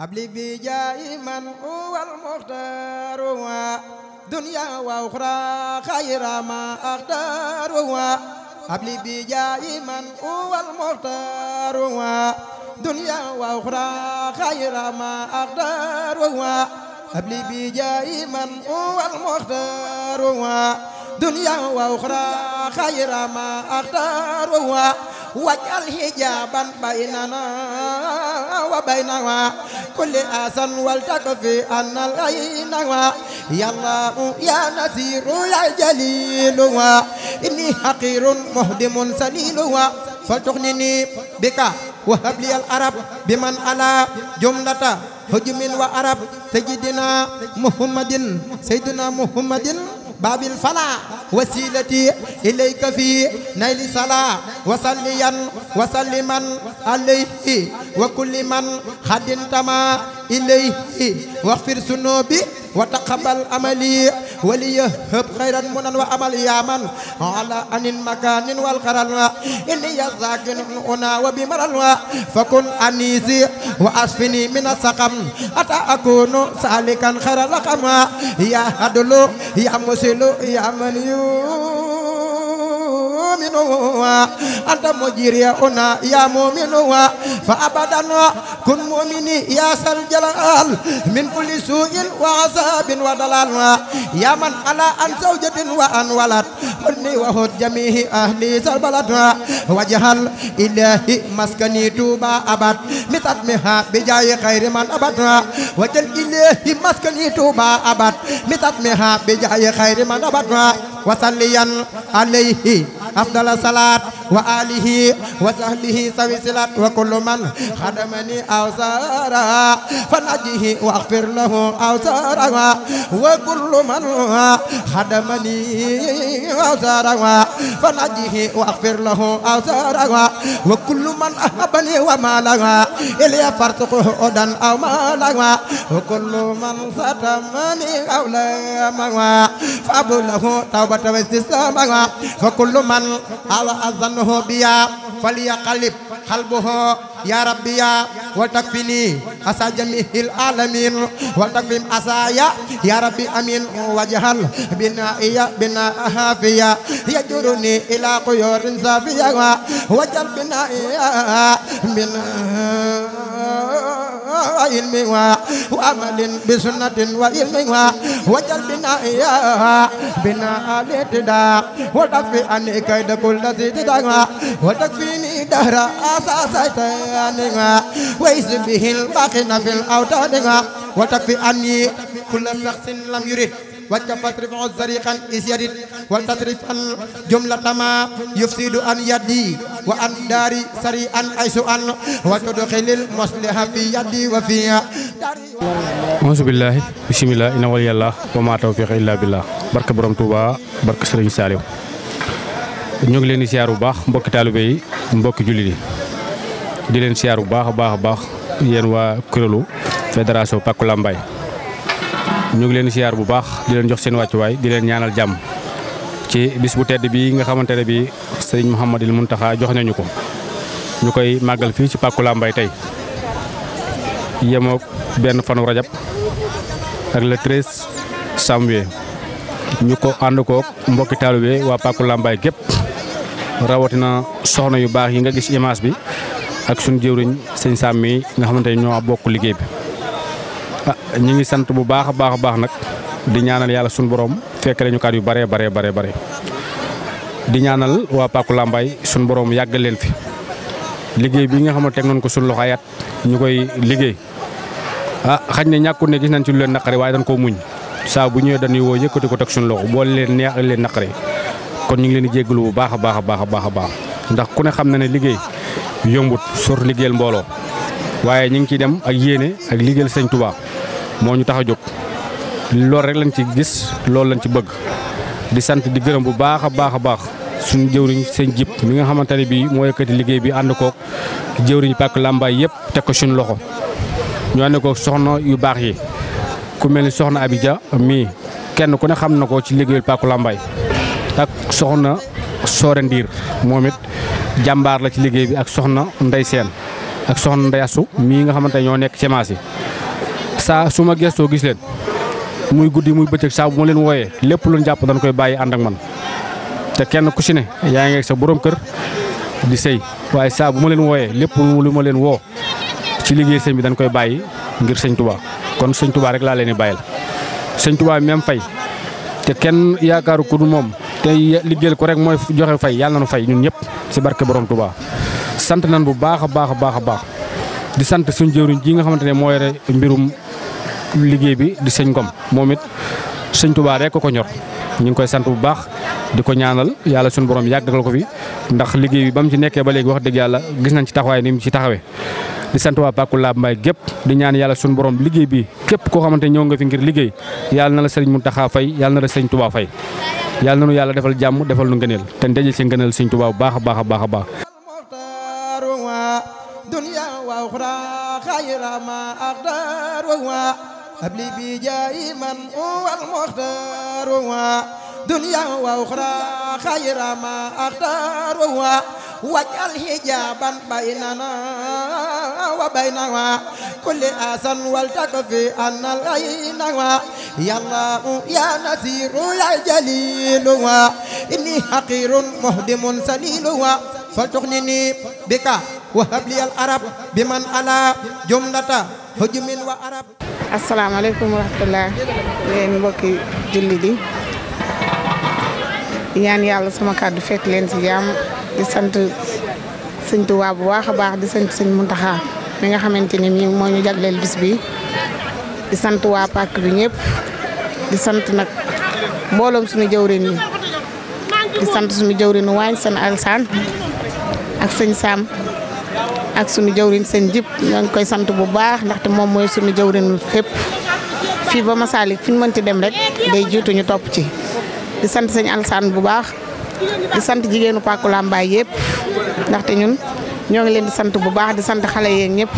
abli bi jaayi man huwal muxtaar wa dunya wa uxra xayra ma axtaar wa abli bi jaayi man huwal muxtaar wa dunya wa uxra xayra ma axtaar wa abli bi jaayi man huwal muxtaar wa dunya wa uxra xayra ma axtaar wa واجعل حجابا بيننا وبينها كل آسا والتكفي أن العين يا الله يا نسير يا جليل إني حقير مهدم سليل فلتغنني بك وهب لي العرب بمن على جملة هجم وعرب سيدنا محمد سيدنا محمد باب الفلا وسيلتي إليك في نيل صلاة وصليا وسلما عليه وكل من خد تما ilayhi waxfir sunubi wa taqabal amali وليهب خيرا منا وأمل يامن على أن مكان والقرن إني ساكن هنا وبمرن فكن أنيسي وأشفني من السقم أتى أكون سالكا خير رقما يا هدلو يا مسلو يا من يؤمن أنت مجري هنا يا مؤمن fa abadan kun mu'mini ya sal jalal min kulli su'in wa azabin wa dalal ya man ala an zawjatin wa an walad ni wa hot jamihi ahli sal balad wajhal ilahi maskani tuba abad mitat miha bijay khairi man abad wajhal ilahi maskani tuba abad mitat miha bijay khairi man abad wa salliyan alayhi afdal وآله وصحبه سوي صلات وكل من خدمني أو سارا فنجيه واغفر له أو سارا وكل من خدمني أو سارا فنجيه واغفر له أو سارا وكل من أحبني وما لها إلي فرتقه أدا أو ما لها وكل من ستمني أو لما فأبو له توبة واستسلاما فكل من على أذن اسمه بيا فليقلب قلبه يا ربي يا وتكفني أسى جميع العالمين وتكفي أسايا يا ربي أمين وجهل بنائي بناءها فيا يجرني إلى قيور صافية وجل بنائي بنائي وعلم وعمل بسنة وعلم وجل بنا إياها بنا الاعتداء وتكفي عني كيد كل ذي تدعى وتكفيني دهر أساسيتين ويس به الباقين في الأوتاد وتكفي عني كل شخص لم يرد وانت فاترفع الزريقا إذ يرد ولتترفع الجملة ما يفسد عن يدي وعن داري سريعا حيث أن وتدخل المصلحة في يدي وفي داري أعوذ بالله بسم الله إن ولي الله وما توفيق إلا بالله بركة بروم توبا بركة سرين سالم ñu ngi leen di siyaar bu baax mbokki taalibe yi mbokki jullit yi di leen siyaar bu baax a baax a baax yéen waa kuréelu fédération Pàkku Lambaay ñu ngi leen siyaar bu baax di leen jox seen wàccuwaay di leen ñaanal jàmm ci bis bu tedd bii nga xamante ne bii sëriñ Mouhamadil Mountakha jox nañu ko ñu koy màggal fii ci pàkku Lambaye tey yemook benn fanu rajab ak le 13 janvier ñu ko ànd mbokki taalibe waa pàkku Lambaye gépp rawatina soxna yu baax yi nga gis image bi ak suñu jëwriñ sëñ sàmm yi nga xamante ne ñoo bokk liggéey bi. ah ñu ngi sant bu baax a baax a baax nag di ñaanal yàlla suñu borom fekk nañu kaat yu bare bare bare bare di ñaanal waa Pàkku Làmbaay suñu borom yàggal leen fi liggéey bi nga xam ne teg nañ ko suñu loxo ayaat ñu koy liggéey ah xañ ne ñàkkul ne gis nañ ci leen naqari waaye dañ koo muñ saa bu ñëwee dañuy woo yëkkati ko teg suñu loxo leen neex leen naqari kon ñu ngi leen di jéggalu bu baax a baax a baax a baax a baax ndax ku ne xam na ne liggéey yombut sor liggéeyal mbooloo waaye ñu ngi ciy dem ak yéene ak liggéeyal sëñ Tuubaa moo ñu tax a jóg loolu rek lañ ci gis loolu lañ ci bëgg di sant di gërëm bu baax a baax a baax suñu jëwriñ seen jib mi nga xamante ne bii moo yëkkati liggéey bi ànd koog jëwriñ pàkk làmbaay yëpp teg ko suñu loxo ñu ànd koog soxna yu baax yi ku mel ni soxna Abidja mii kenn ku ne xam na ko ci liggéeyul pàkku làmbaay ak soxna Soore Ndiir moom it jàmbaar la ci liggéey bi ak soxna Ndey Seen ak soxna Ndey Asu mii nga xamante ne ñoo nekk ci yi saa su ma gestoo gis leen muy guddi muy bëccëg saa bu ma leen wooyee lépp lu jàpp dañ koy bàyyi ànd ak man te kenn ku si ne yaa ngi sa borom kër di sëy waaye saa bu ma leen wooyee lépp lu ma leen woo ci liggéey sëñ bi dañ koy bàyyi ngir sëñ Touba kon sëñ Touba rek laa leen di la sëñ Touba même fay te kenn yaakaaru ko du moom te liggéeyal ko rek mooy joxe fay yàlla na nu fay ñun ñëpp si barke borom Touba sant nañ bu baax a baax a baax a baax di sant suñu moo yore liggéey bi di sëñ Ngom moom it sëñ Touba rek ko ko ñor ñu ngi koy sant bu baax di ko ñaanal yàlla suñu borom yàggal ko fi ndax liggéey bi ba mu ci nekkee ba léegi wax dëgg yàlla gis nañ ci taxawaay ni mu ci taxawee. di sant waa Pàkku Laab Mbaay gépp di ñaan yàlla suñu borom liggéey bi képp koo xamante ñëw nga fi ngir liggéey yàlla na la sëriñ Muntaxa fay yàlla na la sëriñ Touba fay yàlla na nu yàlla defal jàmm defal nu ngëneel te ndaje si ngëneel sëriñ Touba bu a a a أبلي بجاي من هو المختار دنيا وأخرى خير ما أختار واجعل حجابا بيننا وبينها كل آسن والتكفي أن العين يا الله يا نسير يا جليل إني حقير مهدم سليل فلتغنني بك وهب لي العرب بمن على جملة hujumin wa arab asalaamaaleykum wa rahmatullah leen mbokki jullit yi ñaan yàlla sama kàddu fekk leen ci jàmm di sant sëñ Tuubaa bu baax a baax di sant sëñ Muntaxa mi nga xamante ni mii moo ñu jagleel bis bi di sant waa pàkk bi ñëpp di sant nag mbooloom suñu jëwrin yi di sant suñu jëwrinu waañ seen alsaan ak sëñ Sam ak sunu jawrin seen jib ñoo ngi koy sant bu baax ndaxte moom mooy sunu jawrin fépp fii ba Masalik fi ñu mënti dem rek day jiitu ñu topp ci di sant sëñ Alsaan bu baax di sant jigéenu Pàkku Làmbaay yëpp ndaxte ñun ñoo ngi leen di sant bu baax di sant xale yeeg ñëpp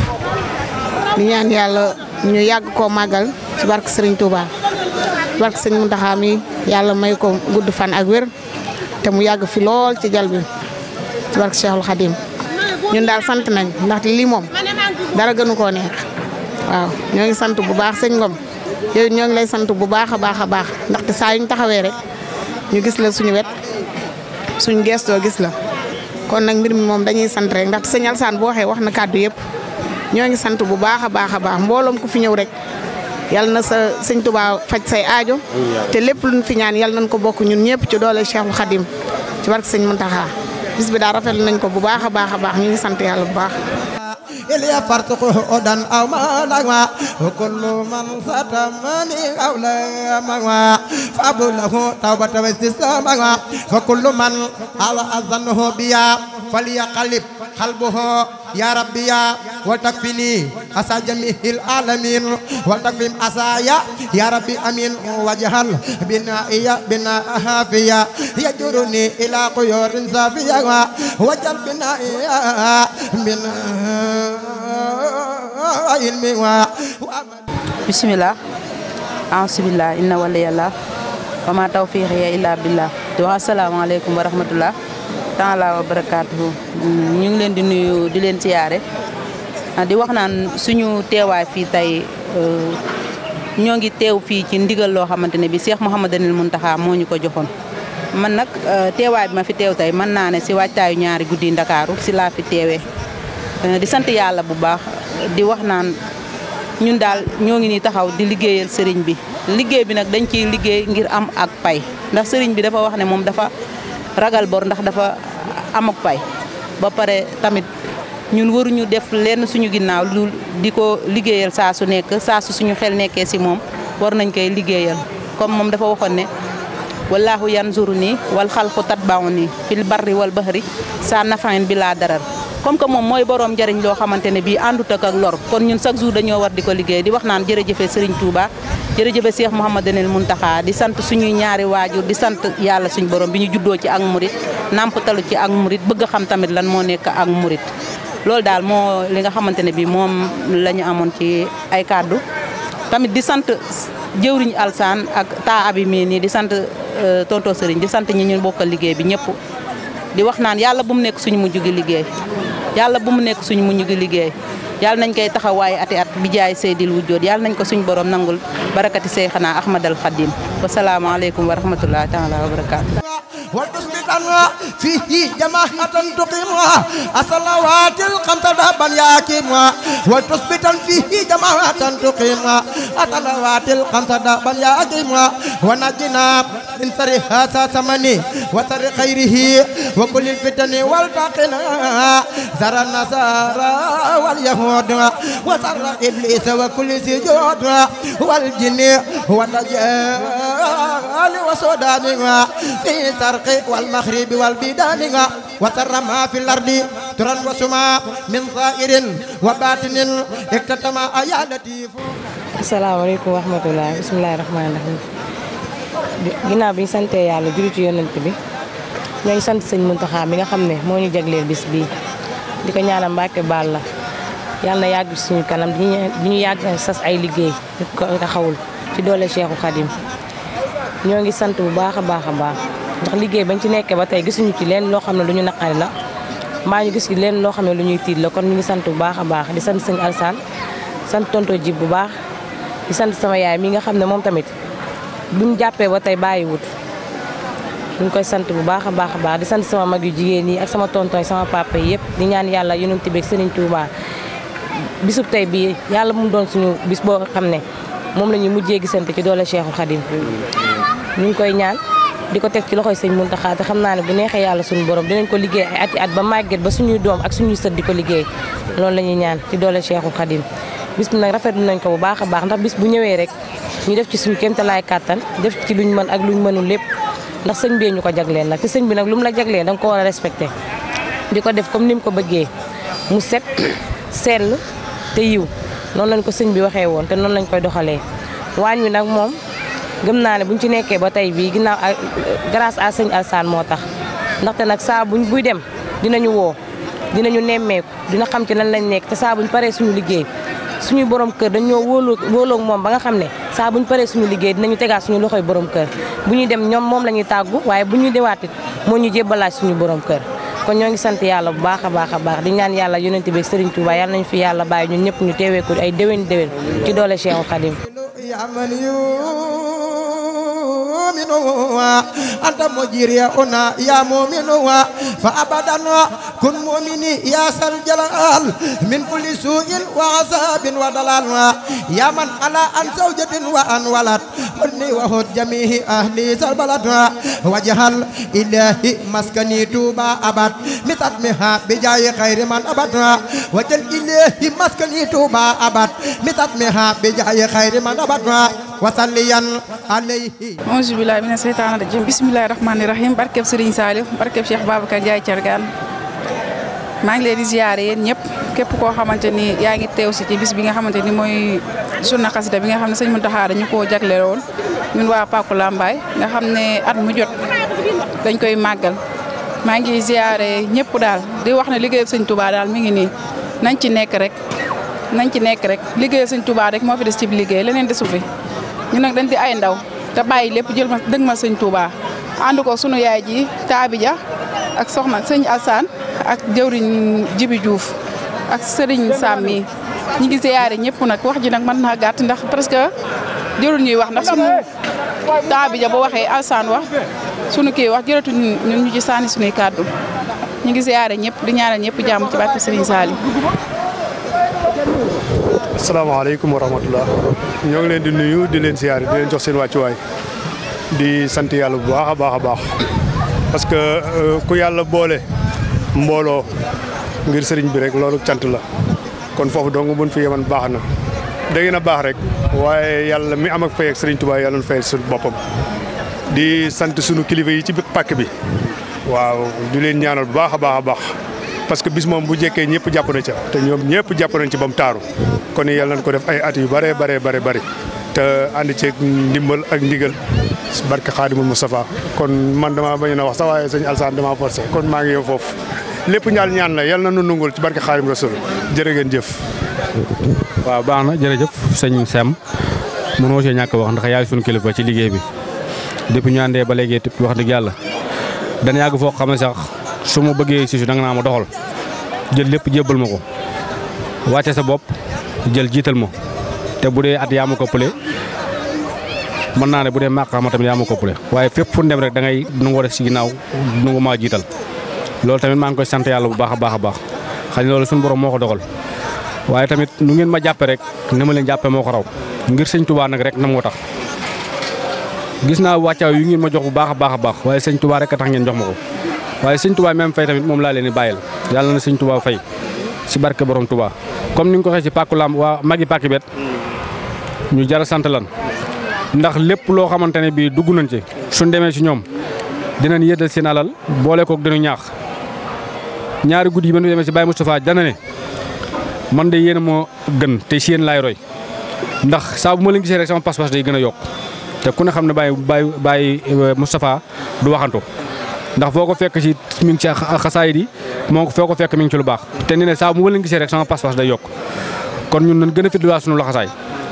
di ñaan yàlla ñu yàgg koo màggal ci barke Sëriñ Touba barke sëñ Muntaxa mi yàlla may ko gudd fan ak wér te mu yàgg fi lool ci jal bi ci barke Cheikhul Khadim ñun daal sant nañ ndaxte lii moom dara gënu koo neex waaw ñoo ngi sant bu baax sëñ Ngom yooyu ñoo ngi lay sant bu baax a baax a baax ndaxte saa yuñ taxawee rek ñu gis la suñu wet suñ gestoo gis la kon nag mbir mi moom dañuy sant rek ndaxte sëñ Alsaan boo waxee wax na kàddu yëpp ñoo ngi sant bu baax a baax a baax mbooloom ku fi ñëw rek yal na sa sëñ Tuubaa faj say aajo te lépp luñ fi ñaan yal nañ ko bokk ñun ñëpp ci doole Cheikhul Khadim ci barke sëñ Muntaxa bis bi daal rafetlu nañ ko bu baax a baax a baax ñu ngi sant yàlla bu baax. إلي فرتق أدن أو ما نغوى وكل من ستمني قولا مغوى فأبله توبة واستسلام مغوى فكل من على أذنه بيا فليقلب قلبه يا ربي يا وتكفني أسى جميع العالمين وتكفيم أسايا يا ربي أمين وجهل بنائيا بناءها فيا يجرني إلى قيور صافية وجل بنائيا من علم بسم الله أعوذ بالله إن ولي الله وما توفيقي إلا بالله السلام عليكم ورحمة الله taala wa barakaatu ñu ngi leen di nuyu di leen siyaare ah, di wax naan suñu teewaay fii tey euh, ñoo ngi teew fii ci ndigal loo xamante ne bi Cheikh Mouhamadanil Mountakha moo ñu ko joxoon man nag euh, teewaay bi ma fi teew tey mën naa ne si wàccaayu ñaari guddi ndakaaru si laa fi teewee euh, di sant yàlla bu baax di wax naan ñun daal ñoo ngi ni taxaw di liggéeyal sëriñ bi liggéey bi nag dañ ciy liggéey ngir am ak pay ndax sëriñ bi dafa wax ne moom dafa ragal bor ndax dafa amuk pay ba pare tamit ñun waruñu def lenn suñu ginnaaw lu di ko liggéeyal saa su nekk saa su suñu xel nekkee si moom war nañ koy liggéeyal comme moom dafa waxoon ne wallaahu yanzuru nii wal xalqu tatba'uni fil barri wal bahri sa nafain bi laa darar comme que moom mooy borom njëriñ loo xamante ne bii àndut ak ak lor kon ñun chaque jour dañoo war di ko liggéey di wax naan jërëjëfe Serigne Touba jërëjëfe Cheikh Mouhamadanil Mountakha di sant suñuy ñaari waajur di sant yàlla suñ borom bi ñu juddoo ci ak murit nàmpatalu ci ak murit bëgg xam tamit lan moo nekk ak murit loolu daal moo li nga xamante ne bii moom la ñu amoon ci ay kàddu tamit di sant jëwriñ alsaan ak taa abi mii nii di sant euh, tonto sëriñ di sant ñi ñu bokkal liggéey bi ñëpp di wax naan yàlla bu mu nekk suñu mujj gi liggéey yàlla bu mu nekk suñu mujj gi liggéey yàlla nañ koy taxawaay ati at bi jaay seydil wujjoot yàlla nañ ko suñu borom nangul barakati seyxanaa Ahmadal Xadim wasalaamualeykum wa rahmatullahi taala wa barakaatu. وتصبت عنها فيه جماعة تقيمها الصلوات الخمس ذهبا يقيمها وتصبت فيه جماعة تقيمها الصلوات الخمس ذهبا يقيمها ونجنا من سر هذا ثمني وسر خيره وكل الفتن والتقنا زر النصارى واليهود وسر إبليس وكل سجود والجن والدجال وسودانها في سر الشرق والمغرب والبلدان وترى ما في الأرض ترى وسما من ظاهر وباطن اكتتم يا لطيف السلام عليكم ورحمة الله bi ñu sante yàlla juri ci yonent bi ñooy sant sëñ Muntaxa bi nga xam ne moo ngi jagleel bis bii di ko ñaanal Mbàkke baal la yàlla na yàgg suñu kanam di ñu yàgg sas ay liggéey ko ci doole Cheikhul Khadim ñoo ngi sant bu baax a baax a baax ndax liggéey bañ ci nekkee ba tey gisuñu ci leen loo xam ne lu ñu naqari la mbaa ñu gis ci leen loo xam ne lu ñuy tiit la kon ñu ni sant bu baax a baax di sant sëñ Alsaan sant tonto jib bu baax di sant sama yaay nga xam ne moom tamit bi jàppee ba tey bàyyiwut ñu koy sant bu baax a baax baax di sant sama mag yu jigéen yi ak sama tonton sama papa yi yëpp di ñaan yàlla yonent bi ak Sëriñ Tuubaa bisu tey bii yàlla mu doon suñu bis boo xam ne moom la ñuy mujjee gisante ci doole seexu Khadim ñu koy ñaan di ko teg ci loxoy sëñ Muntaxa te xam naa ne bu neexee yàlla suñu borom dinañ ko liggéey ay at i at ba màgget ba suñuy doom ak suñuy sët di ko liggéey loolu la ñuy ñaan ci doole Cheikhul Khadim bis bi nag rafetlu nañ ko bu baax a baax ndax bis bu ñëwee rek ñu def ci suñu kéemtalaay kàttan def ci luñ mën ak luñ mënul lépp ndax sëñ bee ñu ko jagleel nag sëñ bi nag lu mu la jagleel da ko war a respecté di ko def comme ni mu ko bëggee mu set sell te yiw noonu lañ ko sëñ bi waxee woon te noonu lañ koy doxalee waañ wi nag moom gëm naa ne buñ ci nekkee ba tey bii ginnaaw grâce à sëñ Alsaan moo tax ndaxte nag saa buñ buy dem dinañu woo dinañu nemmeek dina xam ci lan lañ nekk te saa buñ paree suñu liggéey suñu borom kër dañoo wóoloo wóoloog moom ba nga ne saa buñ paree suñu liggéey dinañu tegaat suñu loxoy borom kër bu ñuy dem ñoom moom la ñuy tàggu waaye bu ñuy dewaatit moo ñu jébbalaaj suñu borom kër kon ñoo ngi sant yàlla bu baax a baax a baax di ñaan yàlla yonent bi Serigne Touba yàlla nañu fi yàlla bàyyi ñun ñëpp ñu teewee ko ay déwén déwén ci doole Cheikh Khadim مؤمن أنت مجيري أنا يا مؤمن فأبدا كن مؤمني يا سر جلال من كل سوء وعذاب ودلال يا من على أن زوجة وأن ولد kulli wa hut jamihi ahli sal balada wajhal ilahi maskani tuba abad mi bi jayi khayri man abada wajhal ilahi maskani tuba abad mi tatmiha bi jayi khayri man abada wasalliyan alayhi auzu billahi mina seytaani rajim bismillahi rahmani rahim barkeb Serigne barkeb Cheikh Babacar Ndiaye Thiergane maa ngi leen di ziare yéen ñëpp képp koo xamante ni yaa ngi teew si ci bis bi nga xamante ni mooy su xasida bi nga xam ne sëñ Mountakha dañu koo jagleel woon ñun waa Paku Lambaye nga xam ne at mu jot dañ koy màggal maa ngi ziare ñëpp daal di wax ne liggéeyal sëñ Touba daal mi ngi nii nañ ci nekk rek nañ ci nekk rek liggéeyal sëñ Touba rek moo fi des ci liggéey leneen desu fi ñu nag dañ di ay ndaw te bàyyi lépp jël ma dëgg ma sëñ Touba ànd ko sunu yaay ji Taabija ak soxna sëñ Alsaan ak jëwriñ Jibi Diouf ak Serigne Sam mi ñi ngi ziyaare ñëpp nag wax ji nag man naa gàtt ndax presque jërul ñuy wax ndax sunu taa bi ja boo waxee alsaan wax sunu kii wax jërëtu ñun ñu ci saani sunuy kàddu ñu ngi si ziyaare ñëpp di ñaanal ñëpp jàmm ci bàkki Serigne Saliou asalaamaaleykum wa rahmatullah ñoo ngi leen di nuyu di leen ziyaare di leen jox seen wàccuwaay di sant yàlla bu baax a baax a baax parce que euh, ku yàlla boole mbooloo ngir sëriñ bi rek loolu cant la kon foofu dong buñ fi yeman baax na da ngeen a baax rek waaye yàlla mi am ak fay ak sëriñ Tuubaa yàlla na fayal boppam di sant sunu kilifa yi ci biir pàkk bi waaw di leen ñaanal bu baax a baax a baax parce que bis moom bu jekkee ñëpp jàpp na ca te ñoom ñëpp jàpp nañ ci ba mu taaru kon yàlla nañ ko def ay at yu bare bare bare bëri te ànd ceeg ndimbal ak ndigal barke mu Mustafa kon man dama bañ na wax sax waaye sëñ Alsaan dama forcé kon maa ngi yow foofu lépp ñaal ñaan la yal na nu nungul ci barke Xaadimu Rasuul jërë ngeen jëf. waaw baax na jërëjëf sëñ Sam mënoo see ñàkk wax ndax yaay suñu kilifa ci liggéey bi depuis ñu àndee ba léegi wax dëgg yàlla dana yàgg foo xam ne sax su mu bëggee si danga naa ma doxal jël lépp jébbal ma ko wàcce sa bopp jël jiital ma te bu dee at yaa ma ko pële mën naa ne bu dee màq ma tamit yaa ma ko pële waaye fépp fu dem rek da ngay nangoo def si ginnaaw n maa jiital. loolu tamit maa ngi koy sant yàlla bu baax a baax a baax xañ loolu suñu borom moo ko dogal waaye tamit nu ngeen ma jàppe rek ni ma leen jàppe moo ko raw ngir sëñ Touba nag rek nam ko tax gis naa wàccaaw yu ngeen ma jox bu baax a baax baax waaye sëñ Touba rek a tax ngeen jox ma ko waaye sëñ Touba même fay tamit moom laa leen di bàyyil yàlla na sëñ Touba fay si barke borom Touba comme ni nga ko waxee si pàkku lamb waa magi pàkki bet ñu jara sant lan ndax lépp loo xamante ne bii dugg nañ ci suñ demee si ñoom dinañ yëddal seen alal boole koog dinu ñaax ñaari guddi yi man mi demee si Baye Moustapha dana ne man de yéen moo gën te si yéen laay roy ndax saa bu ma leen gisee rek sama pas-pas day gën a yokk te ku ne xam ne Baye Baye euh, Moustapha du waxantu ndax foo ko fekk si mi ngi a xasaayid yi moo foo ko fekk mi ngi ci lu baax te nee na saa bu ma leen gisee rek sama pas-pas day yokk kon ñun nañ gën a fidluwaat suñu laxasaay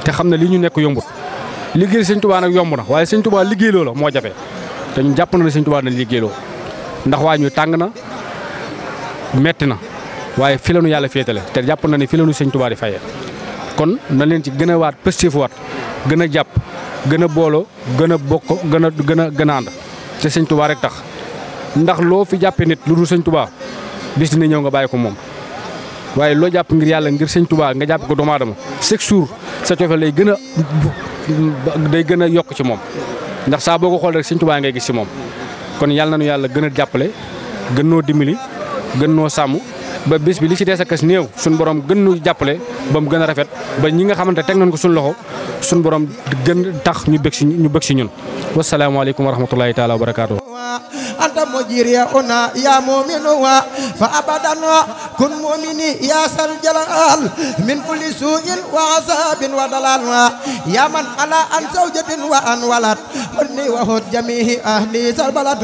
te xam ne lii ñu nekk yombut liggéey sëñ Tuubaa nag yomb na waaye sëñ Tuubaa liggéey loo moo jafe te jàpp na ne sëñ Tuubaa dañ liggéey ndax waa ñu tàng na metti na waaye fi nu yàlla féetale te jàpp na ni fi la nu sëñ Tuubaa di fayee kon na leen ci gën a waat pëstéef waat gën a jàpp gën a booloo gën a bokk gën a gën a gën a ànd te sëñ Tuubaa rek tax ndax loo fi jàppee nit lu dul sëñ Tuubaa bis dina ñëw nga bàyyi ko moom waaye loo jàpp ngir yàlla ngir sëñ Tuubaa nga jàpp ko doomu aadama chaque jour sa coofe lay gën a day gën a yokk ci moom ndax saa boo ko xool rek sëñ Tuubaa ngay gis ci moom kon yàlla na nu yàlla gën a jàppale gën noo gën noo sàmm ba bis bi li ci des sa kës néew suñu borom gën ñu jàppale ba mu gën a rafet ba ñi nga xamante teg nañ ko suñu loxo suñu borom gën tax ñu bëgg si ñu bëgg si ñun wasalaamaaleykum wa rahmatullahi taala wa barakaatu. أنت مجيري أنا يا مؤمن فأبدا كن مؤمني يا سر الجلال من كل سوء وعذاب وضلال يا من على أن زوجة وأن ولد مني وهد جميع أهلي البلد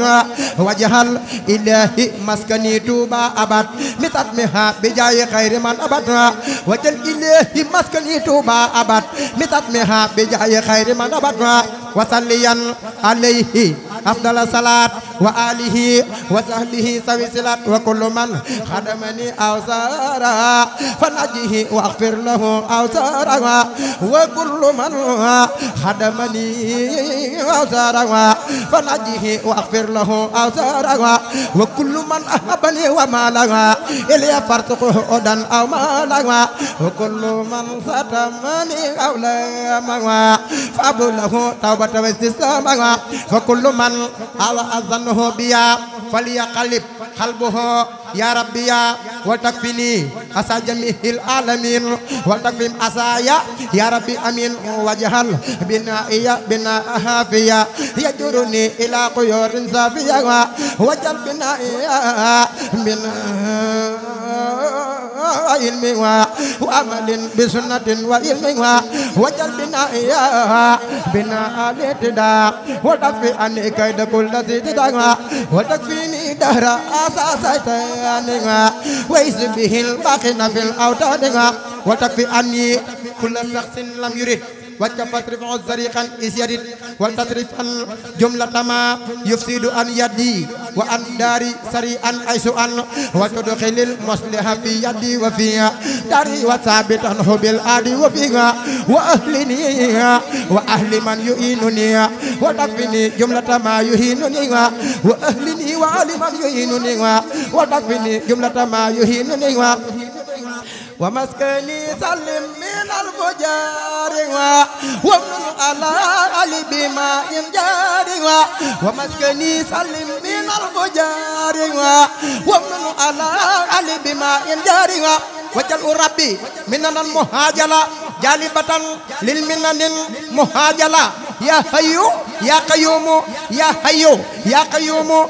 وجهل إلهي مسكني توبا أبد متتمها بجاي خير من أبد وجل إلهي مسكني توبا أبد متتمها بجاي خير من أبد وصليا عليه afdala salaat wa alihi wa sahbihi sawi silat wa kullu man khadamani aw sara fa najihi wa aghfir lahu aw sara wa kullu man khadamani aw sara fa najihi wa aghfir lahu aw sara wa kullu man ahabani wa malaha ilya fartuquhu odan aw malaha wa kullu man satamani aw lama fa abu lahu tawbatan wa istislama fa kullu man awa azan annahu biya falyaqalib qalbuhu ya rabbi ya wa takfini asa jamihil alamin wa takfim asaya ya rabbi amin wajhal bina iya bina hafiya yajuruni ila quyurin safiya wajal bina iya bina ilmi wa amalin bi sunnatin wa ilmi wa وجل بنائها بناء الاعتداء وتكفي عني كيد كل ذي تدعى وتكفيني دهر أساسيتين ويس به الباقين في الأوتاد وتكفي عني كل شخص لم يرد وتفطرف الزريقا إس يدد ولتطرف الجملة ما يفسد أن يدي وأن داري سريعا حيث أن وتدخل المصلح في يدي وفيها داري وثابتا هو بالآدي وفيها وأهلني وأهل من يؤينني وتكفني جملة ما يهينني وأهلني وأهل من يهينني وتكفني جملة ما يهينني ومسكني سلم من الفجار ومن على علي بما ينجار ومسكني سلم من الفجار ومن على علي بما ينجار وجل ربي مننا المهاجلة جالبة للمنن مهاجلة يا حي يا قيوم يا حي يا قيوم